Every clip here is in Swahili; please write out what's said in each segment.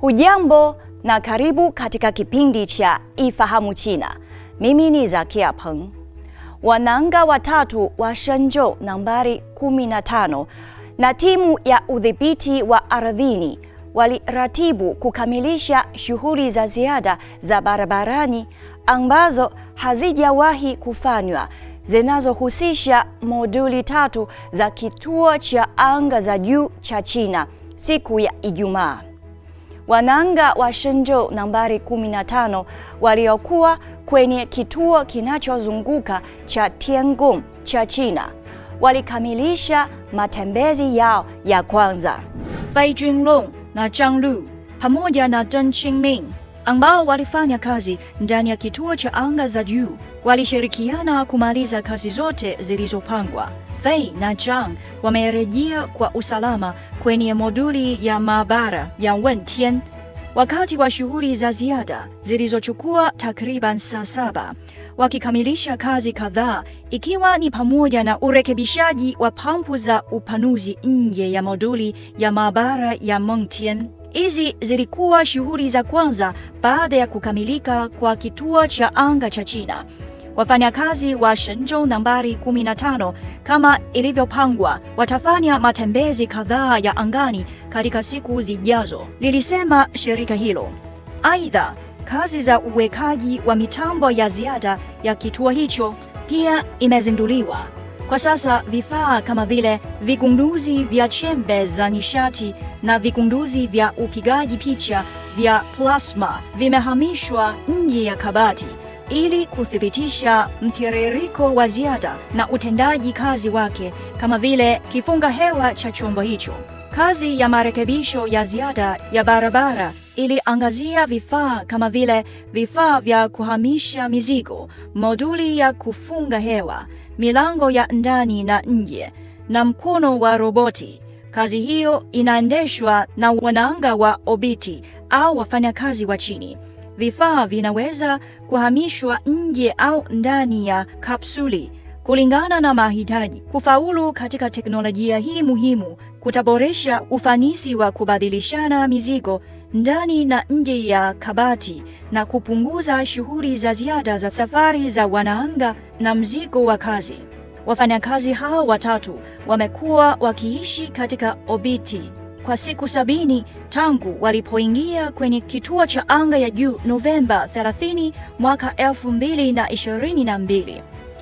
Hujambo na karibu katika kipindi cha Ifahamu China. Mimi ni Zakia Peng. Wananga watatu wa Shenzhou nambari 15 na timu ya udhibiti wa ardhini waliratibu kukamilisha shughuli za ziada za barabarani ambazo hazijawahi kufanywa zinazohusisha moduli tatu za kituo cha anga za juu cha China siku ya Ijumaa. Wananga wa Shenzhou nambari 15 waliokuwa kwenye kituo kinachozunguka cha Tiangong cha China walikamilisha matembezi yao ya kwanza. Fei Junlong na Zhang Lu pamoja na Deng Qingming ambao walifanya kazi ndani ya kituo cha anga za juu walishirikiana kumaliza kazi zote zilizopangwa. Fei na Zhang wamerejea kwa usalama kwenye moduli ya maabara ya Wentian wakati wa shughuli za ziada zilizochukua takriban saa saba wakikamilisha kazi kadhaa ikiwa ni pamoja na urekebishaji wa pampu za upanuzi nje ya moduli ya maabara ya Mengtian. Hizi zilikuwa shughuli za kwanza baada ya kukamilika kwa kituo cha anga cha China. Wafanyakazi wa Shenzhou nambari 15 kama ilivyopangwa watafanya matembezi kadhaa ya angani katika siku zijazo, lilisema shirika hilo. Aidha, kazi za uwekaji wa mitambo ya ziada ya kituo hicho pia imezinduliwa. Kwa sasa vifaa kama vile vigunduzi vya chembe za nishati na vigunduzi vya upigaji picha vya plasma vimehamishwa nje ya kabati ili kuthibitisha mtiririko wa ziada na utendaji kazi wake kama vile kifunga hewa cha chombo hicho. Kazi ya marekebisho ya ziada ya barabara iliangazia vifaa kama vile vifaa vya kuhamisha mizigo, moduli ya kufunga hewa, milango ya ndani na nje na mkono wa roboti. Kazi hiyo inaendeshwa na wanaanga wa obiti au wafanyakazi wa chini. Vifaa vinaweza kuhamishwa nje au ndani ya kapsuli kulingana na mahitaji. Kufaulu katika teknolojia hii muhimu kutaboresha ufanisi wa kubadilishana mizigo ndani na nje ya kabati na kupunguza shughuli za ziada za safari za wanaanga na mzigo wa kazi. Wafanyakazi hao watatu wamekuwa wakiishi katika obiti kwa siku sabini tangu walipoingia kwenye kituo cha anga ya juu Novemba 30 mwaka 2022.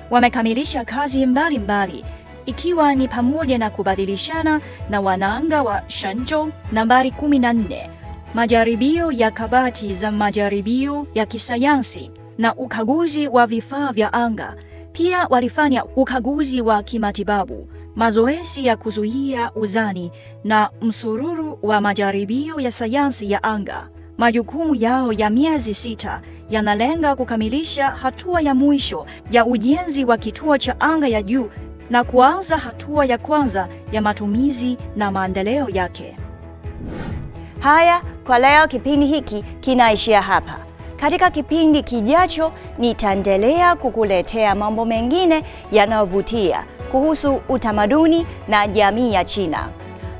Wamekamilisha kazi mbalimbali mbali, ikiwa ni pamoja na kubadilishana na wanaanga wa Shenzhou nambari 14 majaribio ya kabati za majaribio ya kisayansi na ukaguzi wa vifaa vya anga. Pia walifanya ukaguzi wa kimatibabu, mazoezi ya kuzuia uzani na msururu wa majaribio ya sayansi ya anga. Majukumu yao ya miezi sita yanalenga kukamilisha hatua ya mwisho ya ujenzi wa kituo cha anga ya juu na kuanza hatua ya kwanza ya matumizi na maendeleo yake. Haya kwa leo kipindi hiki kinaishia hapa. Katika kipindi kijacho nitaendelea kukuletea mambo mengine yanayovutia kuhusu utamaduni na jamii ya China.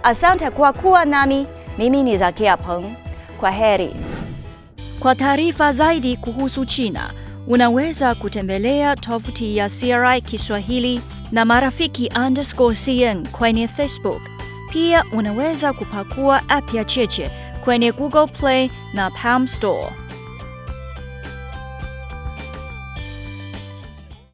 Asante kwa kuwa nami. Mimi ni Zakia Peng. Kwa heri. Kwa taarifa zaidi kuhusu China unaweza kutembelea tovuti ya CRI Kiswahili na marafiki underscore cn kwenye Facebook. Pia unaweza kupakua app ya Cheche kwenye Google Play na Palm Store.